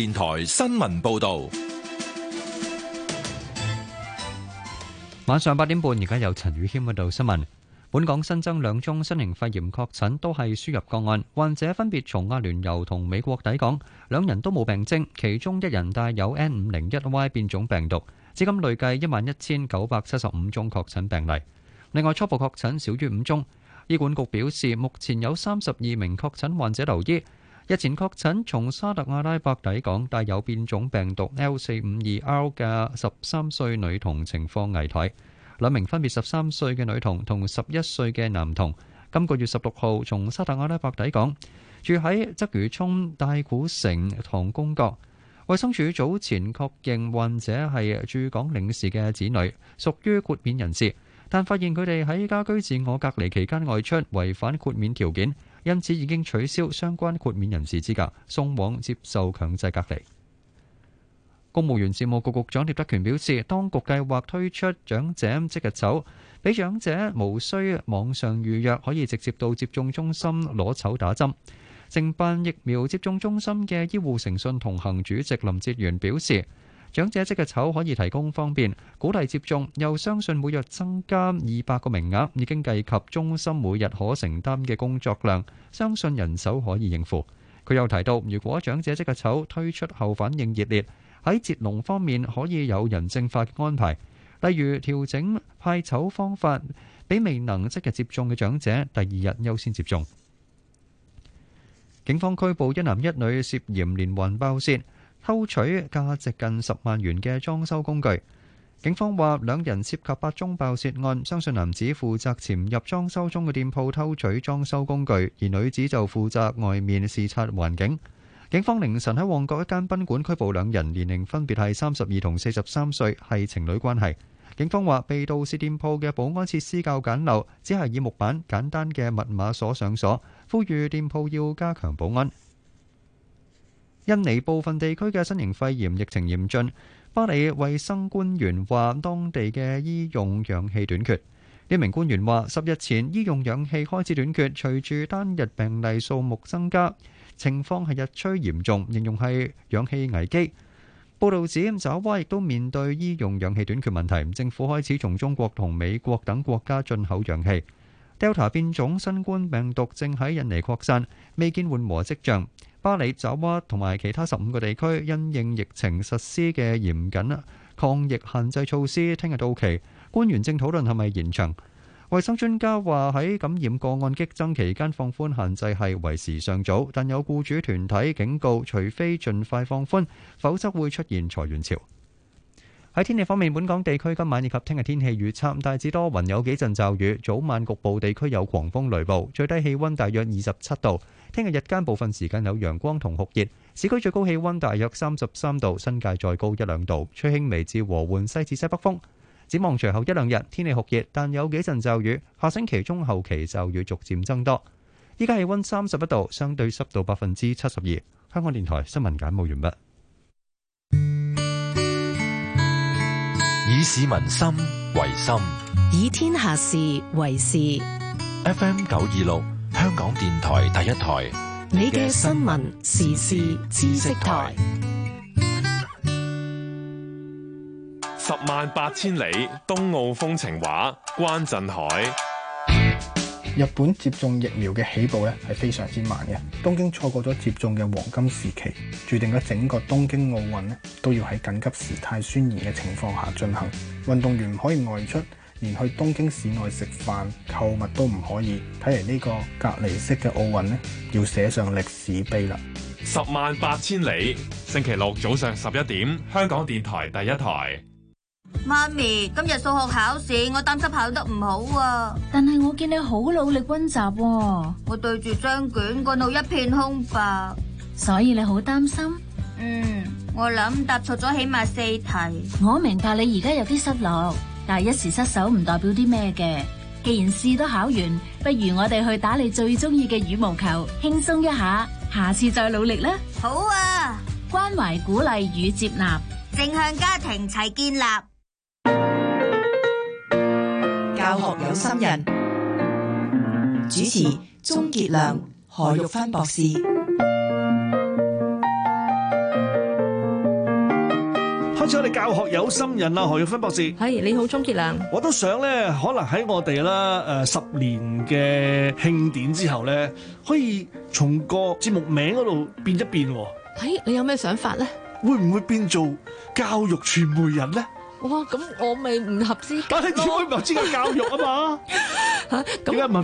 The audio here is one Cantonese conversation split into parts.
電台新聞報道，晚上八點半，而家有陳宇謙報道新聞。本港新增兩宗新型肺炎確診，都係輸入個案，患者分別從阿聯酋同美國抵港，兩人都冇病徵，其中一人帶有 N 五零一 Y 變種病毒。至今累計一萬一千九百七十五宗確診病例，另外初步確診少於五宗。醫管局表示，目前有三十二名確診患者留醫。日前確診從沙特阿拉伯抵港帶有變種病毒 L452R 嘅十三歲女童情況危殆，兩名分別十三歲嘅女童同十一歲嘅男童，今個月十六號從沙特阿拉伯抵港，住喺鰂魚涌太古城唐宮閣。衛生署早前確認患者係駐港領事嘅子女，屬於豁免人士，但發現佢哋喺家居自我隔離期間外出，違反豁免條件。因此已經取消相關豁免人士資格，送往接受強制隔離。公務員事務局局長聶德權表示，當局計劃推出長者即日走，俾長者無需網上預約，可以直接到接種中心攞籌打針。靜辦疫苗接種中心嘅醫護誠信同行主席林哲元表示。長者即日籌可以提供方便鼓勵接種，又相信每日增加二百個名額已經計及中心每日可承擔嘅工作量，相信人手可以應付。佢又提到，如果長者即日籌推出後反應熱烈，喺截龍方面可以有人性化嘅安排，例如調整派籌方法，俾未能即日接種嘅長者第二日優先接種。警方拘捕一男一女涉嫌連環爆竊。偷取價值近十萬元嘅裝修工具，警方話兩人涉及八宗爆竊案，相信男子負責潛入裝修中嘅店鋪偷取裝修工具，而女子就負責外面視察環境。警方凌晨喺旺角一間賓館拘捕兩人，年齡分別係三十二同四十三歲，係情侶關係。警方話被盜竊店鋪嘅保安設施較簡陋，只係以木板簡單嘅密碼鎖上鎖，呼籲店鋪要加強保安。印尼部分地區嘅新型肺炎疫情嚴峻，巴黎衛生官員話，當地嘅醫用氧氣短缺。一名官員話，十日前醫用氧氣開始短缺，隨住單日病例數目增加，情況係日趨嚴重，形容係氧氣危機。報導指，爪哇亦都面對醫用氧氣短缺問題，政府開始從中國同美國等國家進口氧氣。Delta 變種新冠病毒正喺印尼擴散，未見緩和跡象。峇里、爪哇同埋其他十五個地區因應疫情實施嘅嚴謹抗疫限制措施，聽日到期，官員正討論係咪延長。衛生專家話喺感染個案激增期間放寬限制係為時尚早，但有僱主團體警告，除非盡快放寬，否則會出現裁員潮。喺天氣方面，本港地區今晚以及聽日天氣預測大致多雲，有幾陣驟雨，早晚局部地區有狂風雷暴，最低氣溫大約二十七度。聽日日間部分時間有陽光同酷熱，市區最高氣溫大約三十三度，新界再高一兩度，吹輕微至和緩西至西北風。展望隨後一兩日天氣酷熱，但有幾陣驟雨，下星期中後期驟雨逐漸增多。依家氣溫三十一度，相對濕度百分之七十二。香港電台新聞簡報完畢。市民心為心，以天下事為事。FM 九二六，香港電台第一台，你嘅新聞時事知識台。十萬八千里，東澳風情畫，關震海。日本接種疫苗嘅起步咧係非常之慢嘅，東京錯過咗接種嘅黃金時期，注定咗整個東京奧運呢都要喺緊急事態宣言嘅情況下進行，運動員唔可以外出，連去東京市外食飯、購物都唔可以，睇嚟呢個隔離式嘅奧運呢要寫上歷史碑啦。十萬八千里，星期六早上十一點，香港電台第一台。媽咪，今日數學考試，我擔心考得唔好啊！但係我見你好努力溫習喎，我對住張卷個腦一片空白，所以你好擔心。嗯，我諗答錯咗起碼四題。我明白你而家有啲失落，但係一時失手唔代表啲咩嘅。既然試都考完，不如我哋去打你最中意嘅羽毛球，輕鬆一下，下次再努力啦。好啊，關懷、鼓勵與接納，正向家庭齊建立。教學有心人，主持鍾杰亮、何玉芬博士。開始我哋教學有心人啦，何玉芬博士。係、hey, 你好，鍾杰亮。我都想咧，可能喺我哋啦誒，十年嘅慶典之後咧，可以從個節目名嗰度變一變。喺、hey, 你有咩想法咧？會唔會變做教育傳媒人咧？哇！咁我咪唔合資格，點解唔合資格？教育啊嘛，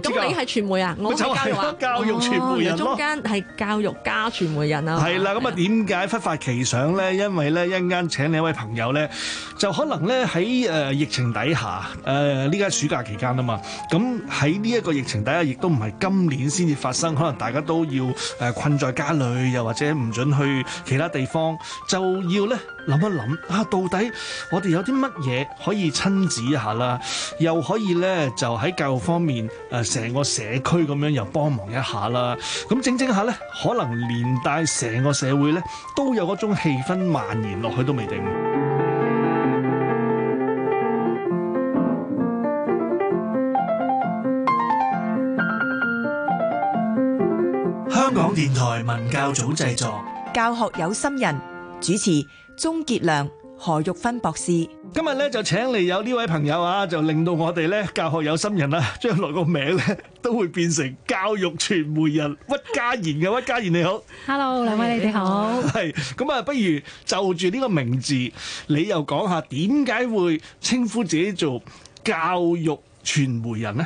咁咁你係傳媒，我教育啊？我、啊、就係、是、教育傳媒人、哦、中間係教育加傳媒人啊！係啦，咁啊點解忽發奇想咧？因為咧一陣間請你一位朋友咧，就可能咧喺、呃、疫情底下誒呢家暑假期間啊嘛。咁喺呢一個疫情底下，亦都唔係今年先至發生，可能大家都要困在家裏，又或者唔準去其他地方，就要咧。諗一諗啊，到底我哋有啲乜嘢可以親子一下啦？又可以呢，就喺教育方面，誒成個社區咁樣又幫忙一下啦。咁整整下呢，可能連帶成個社會呢，都有嗰種氣氛蔓延落去都未定。香港電台文教組製作，教學有心人主持。鍾杰良、何玉芬博士，今日咧，就請嚟有呢位朋友啊，就令到我哋咧，教學有心人啊將來個名咧，都會變成教育傳媒人，屈家妍嘅屈家妍你好，Hello，兩位是你哋好，係咁啊，不如就住呢個名字，你又講下點解會稱呼自己做教育傳媒人呢？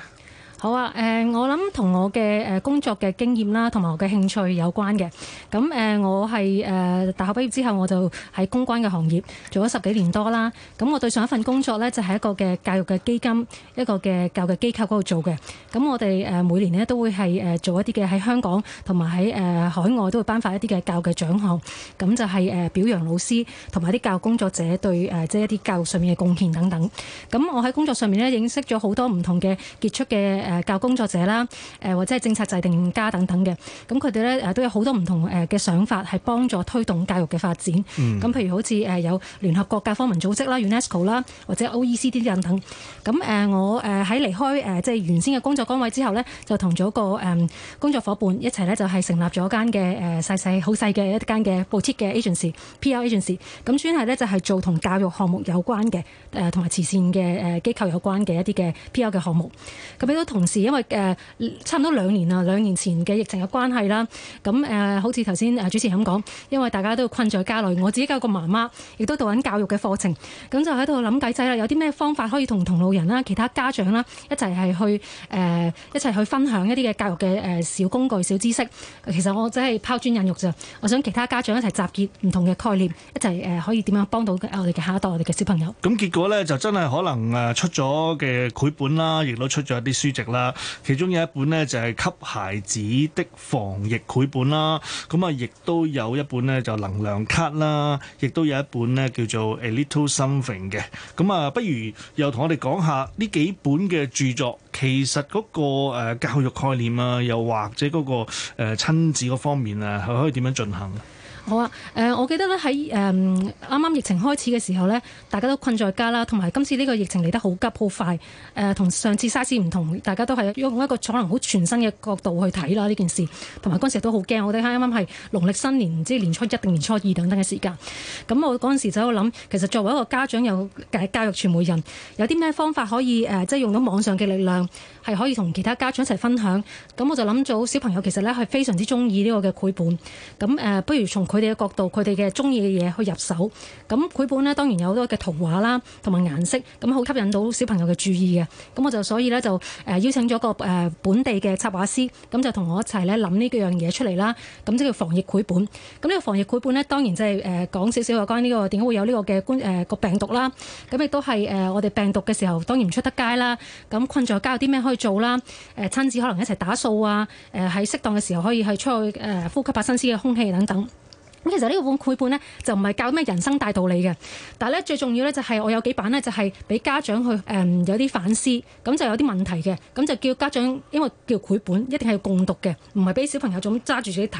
好啊，誒，我諗同我嘅工作嘅經驗啦，同埋我嘅興趣有關嘅。咁誒，我係誒大學畢業之後，我就喺公關嘅行業做咗十幾年多啦。咁我對上一份工作咧，就係一個嘅教育嘅基金，一個嘅教育嘅機構嗰度做嘅。咁我哋每年咧都會係做一啲嘅喺香港同埋喺海外都會頒發一啲嘅教嘅獎項，咁就係誒表揚老師同埋啲教育工作者對誒即係一啲教育上面嘅貢獻等等。咁我喺工作上面咧認識咗好多唔同嘅傑出嘅。誒教工作者啦，誒或者係政策制定家等等嘅，咁佢哋咧誒都有好多唔同誒嘅想法，係幫助推動教育嘅發展。咁、嗯、譬如好似誒有聯合國教科文組織啦 （UNESCO） 啦，UN ESCO, 或者 O E C D 等等。咁誒我誒喺離開誒即係原先嘅工作崗位之後咧，就同咗個誒工作夥伴一齊咧，就係成立咗間嘅誒細細好細嘅一間嘅 Boutique 嘅 agency（PR agency）。咁專係咧就係做同教育項目有關嘅誒同埋慈善嘅誒機構有關嘅一啲嘅 PR 嘅項目。咁亦都同。同時，因為誒、呃、差唔多兩年啦，兩年前嘅疫情嘅關係啦，咁誒、呃、好似頭先誒主持咁講，因為大家都困在家裏，我自己有個媽媽，亦都讀緊教育嘅課程，咁就喺度諗計仔啦，有啲咩方法可以同同路人啦、其他家長啦一齊係，去誒、呃、一齊去分享一啲嘅教育嘅誒、呃、小工具、小知識，呃、其實我真係拋磚引玉啫，我想其他家長一齊集結唔同嘅概念，一齊誒、呃、可以點樣幫到我哋嘅下一代、我哋嘅小朋友。咁結果咧就真係可能誒出咗嘅繪本啦，亦都出咗一啲書籍，啦，其中有一本呢，就係給孩子的防疫繪本啦，咁啊亦都有一本呢，就是能量卡啦，亦都有一本呢，叫做《A Little Something》嘅，咁啊不如又同我哋講下呢幾本嘅著作，其實嗰個誒教育概念啊，又或者嗰個誒親子個方面啊，係可以點樣進行？好啊，誒、呃，我記得咧喺誒啱啱疫情開始嘅時候呢，大家都困在家啦，同埋今次呢個疫情嚟得好急好快，誒、呃，同上次沙士唔同，大家都係用一個可能好全新嘅角度去睇啦呢件事，同埋嗰陣時都好驚，我哋啱啱係農曆新年唔知年初一定年初二等等嘅時間，咁我嗰陣時就喺度諗，其實作為一個家長又教育傳媒人，有啲咩方法可以誒、呃，即係用到網上嘅力量，係可以同其他家長一齊分享，咁我就諗到小朋友其實呢係非常之中意呢個嘅繪本，咁誒、呃，不如從佢。佢哋嘅角度，佢哋嘅中意嘅嘢去入手咁。繪本咧，當然有好多嘅圖畫啦，同埋顏色咁，好吸引到小朋友嘅注意嘅。咁我就所以咧，就誒、呃、邀請咗個誒、呃、本地嘅插畫師咁，咁就同我一齊咧諗呢樣嘢出嚟啦。咁即係防疫繪本咁，呢個防疫繪本咧，當然即係誒講少少有關呢個點解會有呢個嘅誒個病毒啦。咁亦都係誒、呃、我哋病毒嘅時候，當然唔出得街啦。咁困在家有啲咩可以做啦？誒、呃，親子可能一齊打掃啊，誒、呃、喺適當嘅時候可以去出去誒、呃、呼吸下新鮮嘅空氣等等。其實呢個本繪本咧就唔係教咩人生大道理嘅，但係咧最重要咧就係我有幾版咧就係俾家長去誒、嗯、有啲反思，咁就有啲問題嘅，咁就叫家長，因為叫繪本一定係要共讀嘅，唔係俾小朋友咁揸住自己睇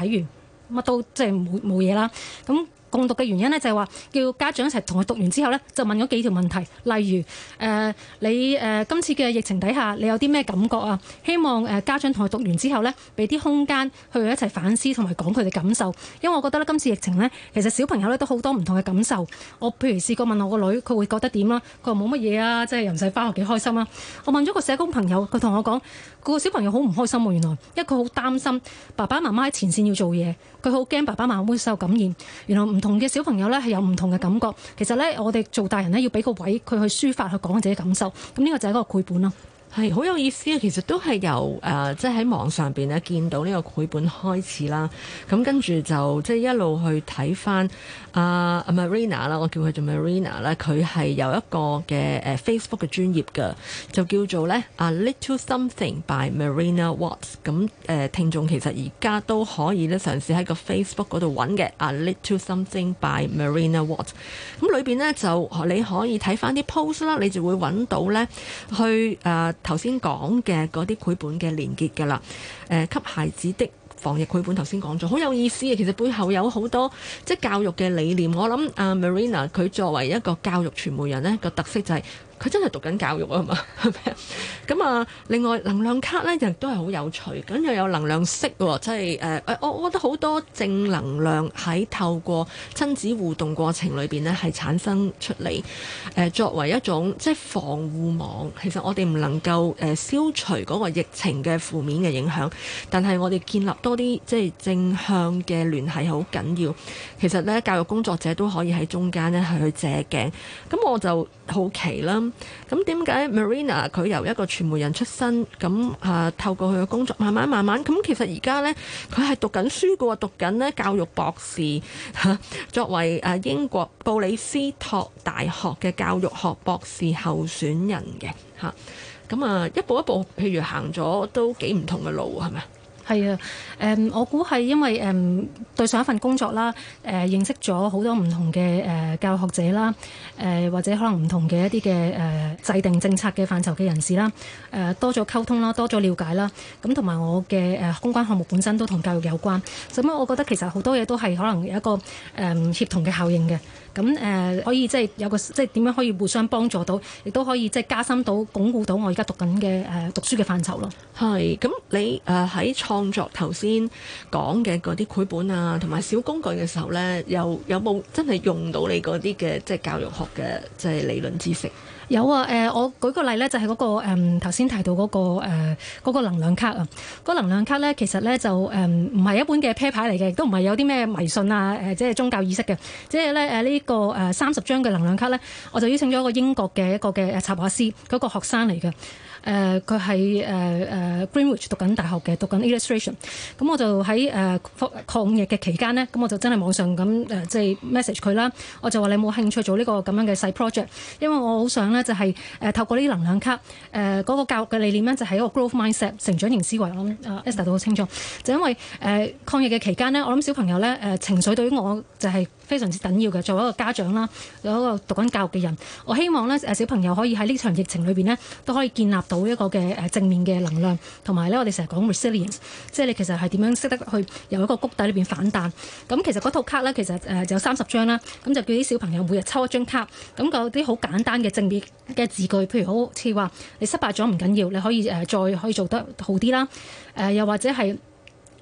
完乜都即係冇冇嘢啦，咁。共讀嘅原因咧就係話叫家長一齊同佢讀完之後咧，就問咗幾條問題，例如誒你誒今次嘅疫情底下，你有啲咩感覺啊？希望誒家長同佢讀完之後咧，俾啲空間去一齊反思同埋講佢哋感受，因為我覺得咧今次疫情咧，其實小朋友咧都好多唔同嘅感受。我譬如試過問我個女，佢會覺得點啦？佢話冇乜嘢啊，即係又唔使返學幾開心啊。我問咗個社工朋友，佢同我講個小朋友好唔開心喎，原來因為佢好擔心爸爸媽媽喺前線要做嘢，佢好驚爸爸媽媽會受感染，原來。唔同嘅小朋友咧，係有唔同嘅感覺。其實咧，我哋做大人咧，要俾個位佢去抒發，去講自己感受。咁呢個就係一個繪本咯。係好有意思啊！其實都係由誒，即係喺網上邊咧見到呢個繪本開始啦。咁跟住就即係一路去睇翻阿 Marina 啦，我叫佢做 Marina 咧。佢係有一個嘅 Facebook 嘅專頁嘅，就叫做咧《A Little Something by Marina Watts》。咁誒，聽眾其實而家都可以咧嘗試喺個 Facebook 嗰度揾嘅《A Little Something by Marina Watts》。咁裏面咧，就你可以睇翻啲 post 啦，你就會揾到咧去誒。呃頭先講嘅嗰啲繪本嘅連結㗎喇，誒、呃，給孩子的防疫繪本，頭先講咗，好有意思嘅，其實背後有好多即係教育嘅理念。我諗阿 Marina 佢作為一個教育傳媒人，呢個特色就係、是。佢真係讀緊教育啊嘛，咁啊！ 另外能量卡呢，亦都係好有趣，咁又有能量色，即係誒誒，我覺得好多正能量喺透過親子互動過程裏邊呢係產生出嚟。誒作為一種即係防護網，其實我哋唔能夠誒消除嗰個疫情嘅負面嘅影響，但係我哋建立多啲即係正向嘅聯繫好緊要。其實呢，教育工作者都可以喺中間呢係去借鏡。咁我就，好奇啦，咁點解 Marina 佢由一個傳媒人出身，咁啊透過佢嘅工作，慢慢慢慢，咁其實而家呢，佢係讀緊書嘅喎，讀緊呢教育博士，作為誒英國布里斯托大學嘅教育學博士候選人嘅，嚇，咁啊一步一步，譬如行咗都幾唔同嘅路，係咪？係啊，誒、嗯、我估係因為誒、嗯、對上一份工作啦，誒、呃、認識咗好多唔同嘅誒、呃、教育學者啦，誒、呃、或者可能唔同嘅一啲嘅誒制定政策嘅範疇嘅人士啦，誒、呃、多咗溝通啦，多咗了解啦，咁同埋我嘅誒、呃、公關項目本身都同教育有關，咁啊，我覺得其實好多嘢都係可能有一個誒、呃、協同嘅效應嘅。咁誒、呃、可以即係有個即係點樣可以互相幫助到，亦都可以即係加深到、鞏固到我而家讀緊嘅誒讀書嘅範疇咯。係咁，你誒喺、呃、創作頭先講嘅嗰啲繪本啊，同埋小工具嘅時候呢，又有冇真係用到你嗰啲嘅即係教育學嘅即係理論知識？有啊，誒、呃，我舉個例咧、那個，就係嗰個誒頭先提到嗰、那個誒嗰能量卡啊，呃那個能量卡咧，那個、能量卡其實咧就誒唔係一本嘅啤牌嚟嘅，亦都唔係有啲咩迷信啊、呃、即係宗教意識嘅，即係咧呢、這個誒三十張嘅能量卡咧，我就邀請咗一個英國嘅一個嘅插畫師嗰個學生嚟嘅。誒佢喺誒、呃、誒、呃呃、Greenwich 讀緊大學嘅，讀緊 illustration。咁我就喺誒、呃、抗疫嘅期間咧，咁我就真係網上咁即係、呃就係、message 佢啦。我就話你冇興趣做呢個咁樣嘅細 project？因為我好想咧，就係透過呢啲能量卡誒嗰、呃嗰個教育嘅理念咧，就喺個 growth mindset 成長型思維。我諗阿 Esther 都好清楚，就、mm hmm. 因為誒、呃、抗疫嘅期間咧，我諗小朋友咧、呃、情緒對於我就係、係。非常之緊要嘅，作為一個家長啦，有一個讀緊教育嘅人，我希望咧誒小朋友可以喺呢場疫情裏邊咧，都可以建立到一個嘅誒正面嘅能量，同埋咧我哋成日講 resilience，即係你其實係點樣識得去由一個谷底裏邊反彈。咁其實嗰套卡咧，其實誒就有三十張啦，咁就叫啲小朋友每日抽一張卡，咁嗰啲好簡單嘅正面嘅字句，譬如好似話你失敗咗唔緊要，你可以誒再可以做得好啲啦，誒又或者係。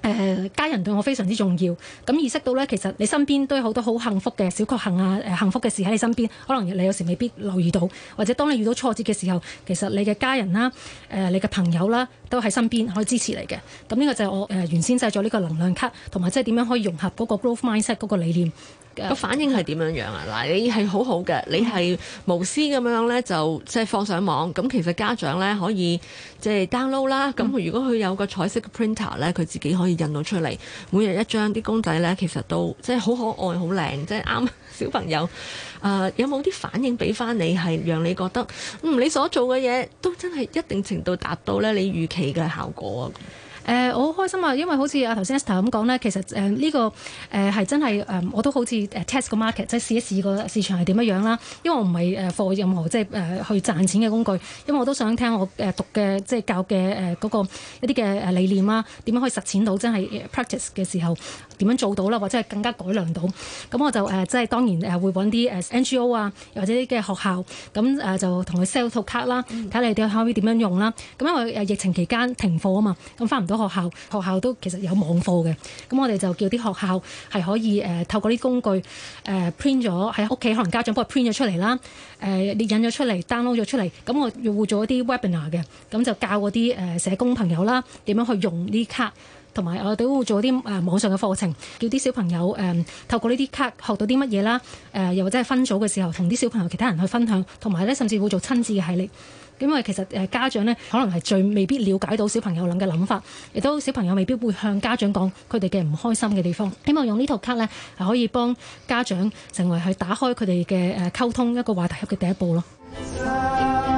誒、呃、家人對我非常之重要，咁意識到咧，其實你身邊都有好多好幸福嘅小確幸啊，呃、幸福嘅事喺你身邊，可能你有時未必留意到，或者當你遇到挫折嘅時候，其實你嘅家人啦，呃、你嘅朋友啦，都喺身邊可以支持你嘅。咁呢個就係我、呃、原先製作呢個能量卡，同埋即係點樣可以融合嗰個 growth mindset 嗰個理念。個反應係點樣樣啊？嗱，你係好好嘅，你係無私咁樣呢，就即係放上網。咁其實家長呢，可以即係 download 啦。咁如果佢有個彩色嘅 printer 呢，佢自己可以印到出嚟，每日一張啲公仔呢，其實都即係好可愛、好靚，即係啱小朋友。誒，有冇啲反應俾翻你係讓你覺得嗯，你所做嘅嘢都真係一定程度達到呢你預期嘅效果？誒、呃、我好開心啊，因為好似啊頭先 Esther 咁講咧，其實誒呢、呃這個誒係、呃、真係誒、呃、我都好似 test 個 market，即係試一試個市場係點樣樣啦。因為我唔係誒 for 任何即係誒去賺錢嘅工具，因為我都想聽我誒讀嘅即係教嘅誒嗰個一啲嘅理念啦，點樣可以實踐到真係 practice 嘅時候點樣做到啦，或者係更加改良到。咁我就誒、呃、即係當然誒會揾啲誒 NGO 啊，或者啲嘅學校咁誒就同佢 sell 套卡啦，睇你哋可以點樣用啦。咁因為疫情期間停課啊嘛，咁返唔到。學校，學校都其實有網課嘅，咁我哋就叫啲學校係可以誒、呃、透過啲工具誒、呃、print 咗喺屋企，可能家長幫佢 print 咗出嚟啦，誒、呃、列印咗出嚟，download 咗出嚟，咁我會做一啲 webinar 嘅，咁就教嗰啲誒社工朋友啦點樣去用呢卡，同埋我哋都會做啲誒、呃、網上嘅課程，叫啲小朋友誒、呃、透過呢啲卡學到啲乜嘢啦，誒、呃、又或者係分組嘅時候同啲小朋友其他人去分享，同埋咧甚至會做親子嘅系列。因為其實誒家長咧，可能係最未必了解到小朋友諗嘅諗法，亦都小朋友未必會向家長講佢哋嘅唔開心嘅地方。希望用呢套卡咧，係可以幫家長成為去打開佢哋嘅誒溝通一個話題盒嘅第一步咯。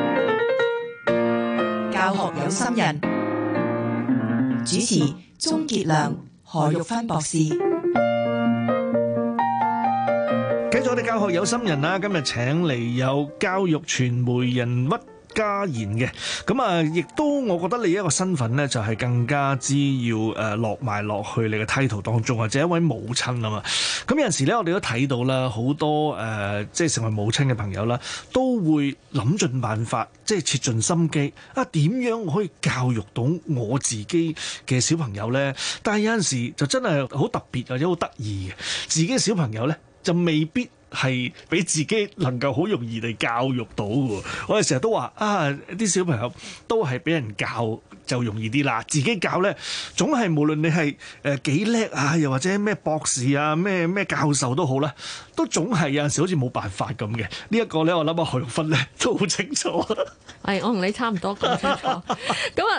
教學有心人，主持鍾傑良、何玉芬博士。繼續我哋教學有心人啦，今日請嚟有教育傳媒人屈。家妍嘅，咁啊，亦都我覺得你一個身份咧，就係更加之要誒落埋落去你嘅梯圖當中，或者一位母親啊嘛。咁有陣時咧，我哋都睇到啦，好多誒即係成為母親嘅朋友啦，都會諗盡辦法，即係切盡心機啊，點樣可以教育到我自己嘅小朋友咧？但係有陣時就真係好特別或者好得意嘅，自己嘅小朋友咧，就未必。係俾自己能夠好容易地教育到嘅，我哋成日都話啊，啲小朋友都係俾人教就容易啲啦，自己教咧，總係無論你係誒幾叻啊，又或者咩博士啊、咩咩教授都好啦。都總係有陣時好似冇辦法咁嘅，這個，呢一個咧，我諗阿何玉芬咧都好清楚。係 我同你差唔多講清楚。咁啊，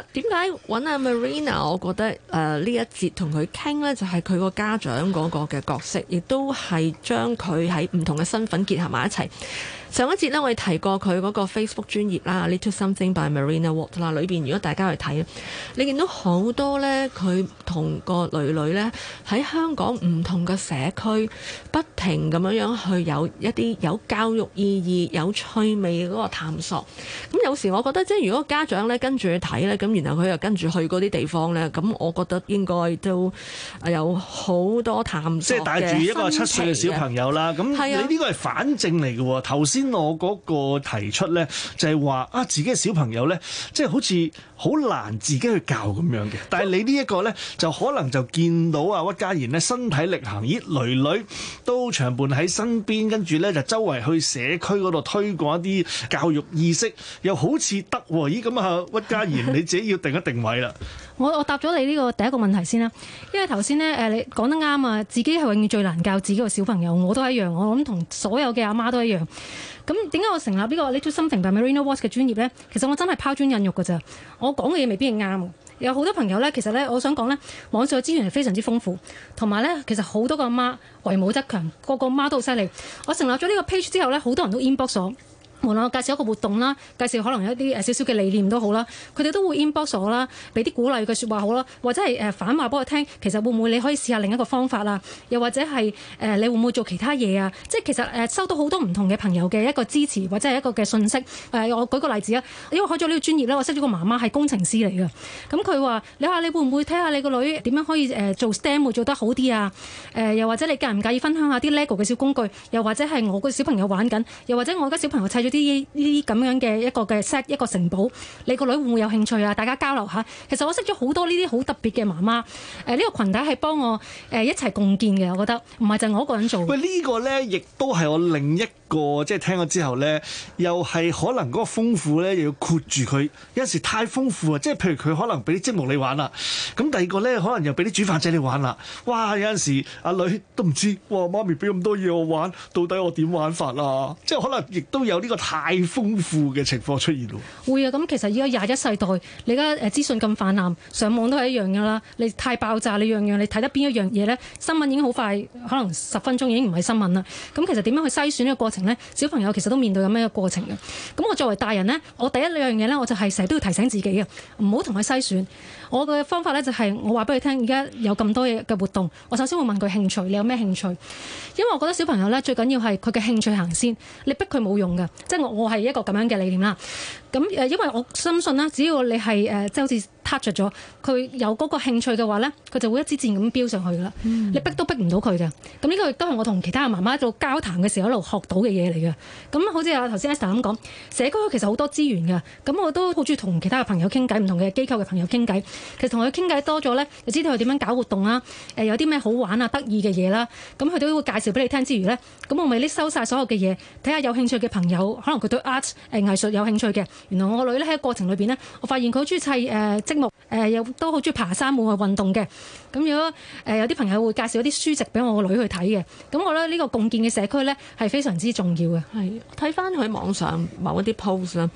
點解揾阿 Marina？我覺得誒、呢，呃、一節同佢傾咧，就係佢個家長嗰個嘅角色，亦都係將佢喺唔同嘅身份結合埋一齊。上一節咧，我哋提過佢嗰個 Facebook 專頁啦，《Little Something by Marina Wat》啦，裏邊如果大家去睇，你見到好多咧，佢同個女女咧喺香港唔同嘅社區不停咁。咁樣樣去有一啲有教育意義、有趣味嗰個探索。咁有時我覺得，即係如果家長咧跟住去睇咧，咁然後佢又跟住去嗰啲地方咧，咁我覺得應該都有好多探索。即係帶住一個七歲嘅小朋友啦，咁你呢個係反證嚟嘅。頭先我嗰個提出咧，就係話啊，自己嘅小朋友咧，即係好似。好難自己去教咁樣嘅，但係你呢一個呢，就可能就見到啊屈家妍呢身體力行，咦，囡囡都長伴喺身邊，跟住呢，就周圍去社區嗰度推廣一啲教育意識，又好似得喎，咦，咁啊屈家妍你自己要定一定位啦。 我我答咗你呢個第一個問題先啦，因為頭先咧你講得啱啊，自己係永遠最難教自己個小朋友，我都一樣，我諗同所有嘅阿媽都一樣。咁點解我成立呢個 Little Something by Marina Wat 嘅專業咧？其實我真係拋磚引玉㗎咋，我講嘅嘢未必係啱。有好多朋友咧，其實咧我想講咧，網上嘅資源係非常之豐富，同埋咧其實好多個阿媽為母則強，個個媽都好犀利。我成立咗呢個 page 之後咧，好多人都 inbox 我。無論我介紹一個活動啦，介紹可能有一啲誒少少嘅理念都好啦，佢哋都會 inbox 我啦，俾啲鼓勵嘅説話好啦，或者係誒、呃、反話俾我聽，其實會唔會你可以試下另一個方法啦、啊？又或者係誒、呃，你會唔會做其他嘢啊？即係其實誒、呃、收到好多唔同嘅朋友嘅一個支持，或者係一個嘅信息、呃、我舉個例子啊，因為開咗呢個專業啦，我識咗個媽媽係工程師嚟嘅，咁佢話你話你會唔會睇下你個女點樣可以、呃、做 STEM 會做得好啲啊、呃？又或者你介唔介意分享下啲 lego 嘅小工具？又或者係我個小朋友玩緊，又或者我個小朋友砌咗。啲呢啲咁樣嘅一個嘅 set 一個城堡，你個女會唔會有興趣啊？大家交流下。其實我識咗好多呢啲好特別嘅媽媽。誒，呢個群體係幫我誒一齊共建嘅，我覺得。唔係就我一個人做。喂，呢個咧，亦都係我另一個，即係聽咗之後咧，又係可能嗰個豐富咧，又要括住佢。有陣時太豐富啊，即係譬如佢可能俾啲積木你玩啦。咁第二個咧，可能又俾啲煮飯仔你玩啦。哇！有陣時阿女都唔知，哇！媽咪俾咁多嘢我玩，到底我點玩法啊？即係可能亦都有呢個。太豐富嘅情況出現喎，會啊！咁其實而家廿一世代，你而家誒資訊咁泛濫，上網都係一樣㗎啦。你太爆炸，你樣樣你睇得邊一樣嘢呢？新聞已經好快，可能十分鐘已經唔係新聞啦。咁其實點樣去篩選呢個過程呢？小朋友其實都面對咁樣嘅過程嘅。咁我作為大人呢，我第一樣嘢呢，我就係成日都要提醒自己嘅，唔好同佢篩選。我嘅方法呢，就係我話俾佢聽，而家有咁多嘢嘅活動，我首先會問佢興趣，你有咩興趣？因為我覺得小朋友呢，最緊要係佢嘅興趣行先，你逼佢冇用嘅，即係我我係一個咁樣嘅理念啦。咁因為我深信啦，只要你係誒，即好似。touch 咗佢有嗰個興趣嘅話咧，佢就會一支箭咁飆上去啦。嗯、你逼都逼唔到佢嘅。咁呢個都係我同其他嘅媽媽喺度交談嘅時候一路學到嘅嘢嚟嘅。咁好似啊頭先 Esther 咁講，社區其實好多資源嘅。咁我都好中意同其他嘅朋友傾偈，唔同嘅機構嘅朋友傾偈。其實同佢傾偈多咗咧，就知道佢點樣搞活動啦。誒有啲咩好玩啊、得意嘅嘢啦。咁佢都會介紹俾你聽之餘咧，咁我咪搦收晒所有嘅嘢，睇下有興趣嘅朋友，可能佢對 art 誒藝術有興趣嘅。原來我女咧，喺過程裏邊咧，我發現佢好中意砌誒。呃誒又都好中意爬山，戶外運動嘅。咁如果誒有啲朋友會介紹一啲書籍俾我個女去睇嘅，咁我覺得呢個共建嘅社區咧係非常之重要嘅。係睇翻佢喺網上某一啲 post 啦，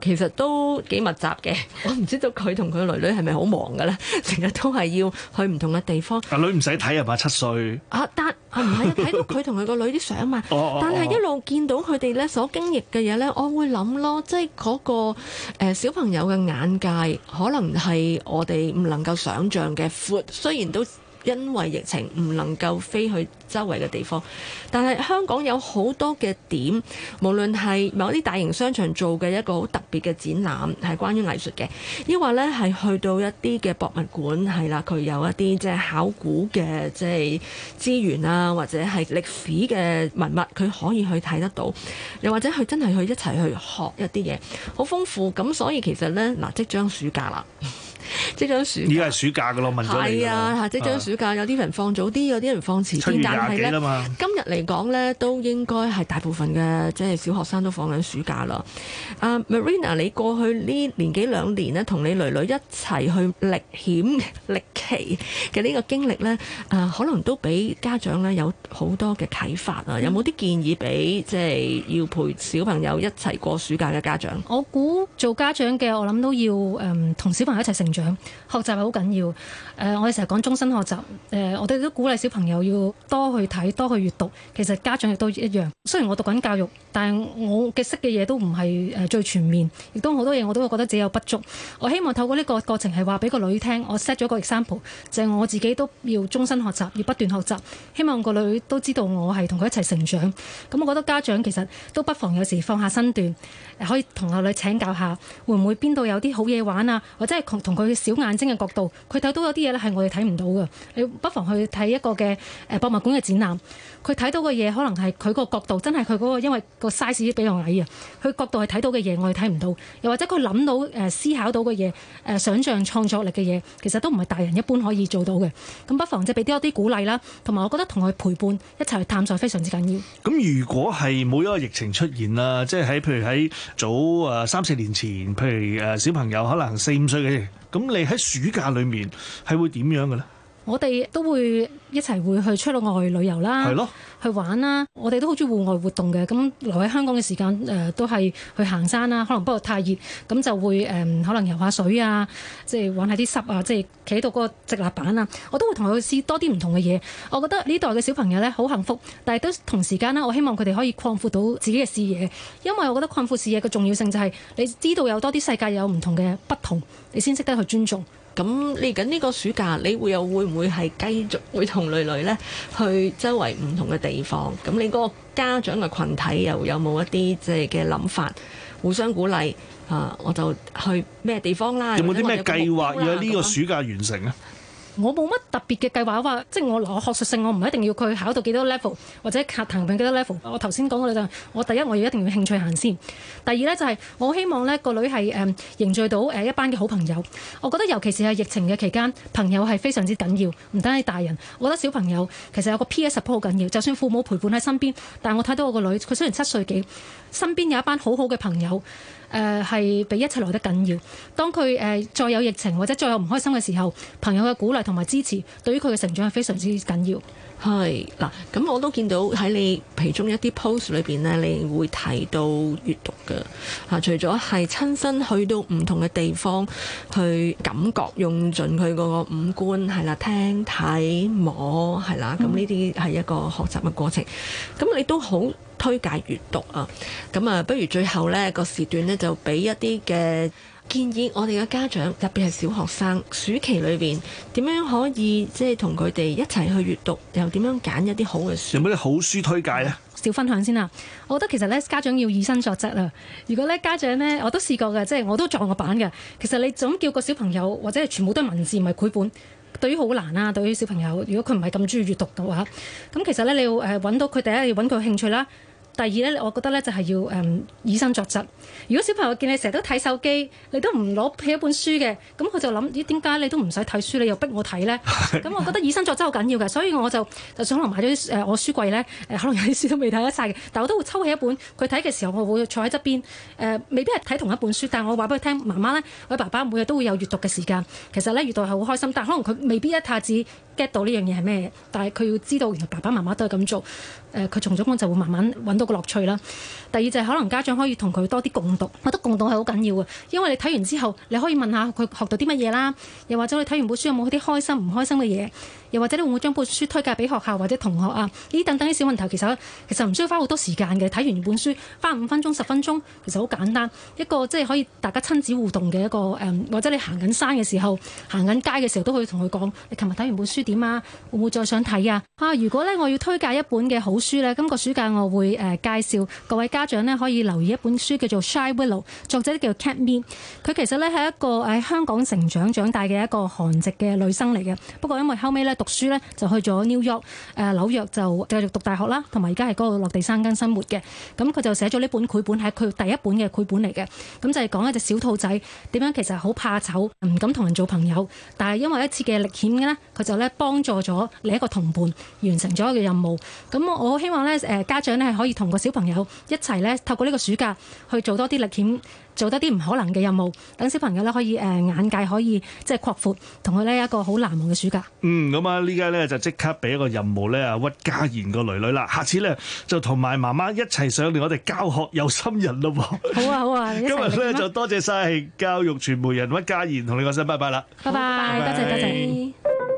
其實都幾密集嘅。我唔知道佢同佢女女係咪好忙㗎喇，成日都係要去唔同嘅地方。阿女唔使睇啊，八七歲。啊！啊唔係啊，睇到佢同佢個女啲相嘛，但係一路見到佢哋咧所經歷嘅嘢咧，我會諗咯，即係嗰個誒小朋友嘅眼界，可能係我哋唔能夠想像嘅闊，雖然都。因為疫情唔能夠飛去周圍嘅地方，但係香港有好多嘅點，無論係某啲大型商場做嘅一個好特別嘅展覽，係關於藝術嘅；抑或呢係去到一啲嘅博物館，係啦，佢有一啲即係考古嘅即係資源啊，或者係歷史嘅文物，佢可以去睇得到，又或者佢真係去一齊去學一啲嘢，好豐富。咁所以其實呢，嗱，即將暑假啦。即將暑假，係暑假嘅咯。問咗你係啊，即將暑假，有啲人放早啲，啊、有啲人放遲啲。但廿今日嚟講呢，都應該係大部分嘅即係小學生都放緊暑假啦。Marina，你過去呢年幾兩年呢，同你女女一齊去歷險歷奇嘅呢個經歷呢，可能都俾家長呢有好多嘅啟發啊！嗯、有冇啲建議俾即係要陪小朋友一齊過暑假嘅家長？我估做家長嘅，我諗都要同、嗯、小朋友一齊成長學學習係好緊要，呃、我哋成日講終身學習，呃、我哋都鼓勵小朋友要多去睇、多去閱讀。其實家長亦都一樣。雖然我讀緊教育，但係我嘅識嘅嘢都唔係最全面，亦都好多嘢我都會覺得自己有不足。我希望透過呢個過程係話俾個女聽，我 set 咗個 example，就係我自己都要終身學習，要不斷學習。希望個女都知道我係同佢一齊成長。咁我覺得家長其實都不妨有時放下身段，呃、可以同個女請教下，會唔會邊度有啲好嘢玩啊？或者係同佢。佢小眼睛嘅角度，佢睇到有啲嘢咧，係我哋睇唔到嘅，你不妨去睇一個嘅誒博物館嘅展覽，佢睇到嘅嘢可能係佢個角度，真係佢嗰個，因為個 size 比較矮啊。佢角度係睇到嘅嘢，我哋睇唔到。又或者佢諗到誒思考到嘅嘢，誒想象創作力嘅嘢，其實都唔係大人一般可以做到嘅。咁不妨即係俾多啲鼓勵啦，同埋我覺得同佢陪伴一齊去探索非常之緊要。咁如果係每一個疫情出現啦，即係喺譬如喺早啊三四年前，譬如誒小朋友可能四五歲嘅。咁你喺暑假裏面係會點樣嘅咧？我哋都會一齊會去出到外旅遊啦，的去玩啦。我哋都好中意戶外活動嘅。咁留喺香港嘅時間，誒都係去行山啦。可能不過太熱，咁就會誒可能游下水啊，即係玩下啲濕啊，即係企喺度嗰個直立板啊。我都會同佢試多啲唔同嘅嘢。我覺得呢代嘅小朋友呢好幸福，但係都同時間咧，我希望佢哋可以擴闊到自己嘅視野，因為我覺得擴闊視野嘅重要性就係你知道有多啲世界有唔同嘅不同，你先識得去尊重。咁嚟緊呢個暑假，你會又會唔會係繼續會同女女呢去周圍唔同嘅地方？咁你嗰個家長嘅群體又有冇一啲即係嘅諗法，互相鼓勵啊？我就去咩地方啦？有冇啲咩計劃要喺呢個暑假完成啊？我冇乜特別嘅計劃話，即、就、係、是、我學學術性，我唔一定要佢考到幾多 level 或者課程幾多 level。我頭先講，你就係我第一，我要一定要興趣行先，第二呢，就係、是、我希望呢、那個女係誒、嗯、凝聚到一班嘅好朋友。我覺得尤其是係疫情嘅期間，朋友係非常之緊要，唔單係大人，我覺得小朋友其實有個 peer support 好緊要。就算父母陪伴喺身邊，但我睇到我個女，佢雖然七歲幾，身邊有一班好好嘅朋友。誒係比一切來得緊要。當佢誒再有疫情或者再有唔開心嘅時候，朋友嘅鼓勵同埋支持，對於佢嘅成長係非常之緊要。係嗱，咁我都見到喺你其中一啲 post 裏邊呢，你會提到閱讀嘅吓，除咗係親身去到唔同嘅地方去感覺，用盡佢嗰個五官係啦，聽、睇、摸係啦，咁呢啲係一個學習嘅過程。咁你都好推介閱讀啊，咁啊，不如最後呢個時段呢，就俾一啲嘅建議，我哋嘅家長特別係小學生暑期裏面點樣可以即係同佢哋一齊去閱讀，又點樣揀一啲好嘅書？有咩好書推介呢？少分享先啦。我覺得其實呢，家長要以身作則啦，如果呢家長呢，我都試過嘅，即係我都撞過板嘅。其實你總叫個小朋友或者係全部都係文字唔係繪本，對於好難啊。對於小朋友，如果佢唔係咁中意閱讀嘅話，咁其實呢，你要誒揾到佢第一要揾佢興趣啦。第二咧，我覺得咧就係、是、要誒、嗯、以身作則。如果小朋友見你成日都睇手機，你都唔攞起一本書嘅，咁佢就諗咦點解你都唔使睇書，你又逼我睇呢？咁、 嗯、我覺得以身作則好緊要嘅，所以我就就想可能買咗啲、呃、我書櫃呢，可能有啲書都未睇得晒嘅，但我都會抽起一本佢睇嘅時候，我會坐喺側邊、呃、未必係睇同一本書，但係我話俾佢聽，媽媽呢，我爸爸每日都會有閱讀嘅時間。其實呢，閱讀係好開心，但可能佢未必一下子 get 到呢樣嘢係咩，但係佢要知道原來爸爸媽媽都係咁做，佢、呃、從中就會慢慢搵到。個樂趣啦。第二就係可能家長可以同佢多啲共讀，我覺得共讀係好緊要嘅，因為你睇完之後你可以問下佢學到啲乜嘢啦，又或者你睇完本書有冇啲開心唔開心嘅嘢。或者你會唔會將本書推介俾學校或者同學啊？呢等等啲小問題，其實其實唔需要花好多時間嘅。睇完本書花五分鐘、十分鐘，其實好簡單。一個即係可以大家親子互動嘅一個誒、嗯，或者你行緊山嘅時候、行緊街嘅時候，都可以同佢講：你琴日睇完本書點啊？會唔會再想睇啊？啊！如果呢，我要推介一本嘅好書呢，今個暑假我會誒、呃、介紹各位家長呢可以留意一本書叫做《Shy Willow》，作者呢叫做 Cat Me。佢其實呢係一個喺香港成長長大嘅一個韓籍嘅女生嚟嘅。不過因為後尾呢……書咧就去咗 New York，紐約，誒紐約就繼續讀大學啦，同埋而家係嗰度落地生根生活嘅。咁佢就寫咗呢本繪本，係佢第一本嘅繪本嚟嘅。咁就係講一隻小兔仔點樣其實好怕醜，唔敢同人做朋友。但係因為一次嘅歷險呢，佢就咧幫助咗另一個同伴完成咗一個任務。咁我希望咧誒家長咧係可以同個小朋友一齊咧透過呢個暑假去做多啲歷險。做得啲唔可能嘅任務，等小朋友咧可以、呃、眼界可以即係擴闊，同佢咧一個好難忘嘅暑假。嗯，咁啊，呢家咧就即刻俾一個任務咧啊屈家妍個女女啦，下次咧就同埋媽媽一齊上嚟我哋教學有心人咯喎、啊。好啊好啊，今日咧就多謝晒教育傳媒人屈家妍，同你講聲拜拜啦。拜拜，多謝多謝。多謝多謝。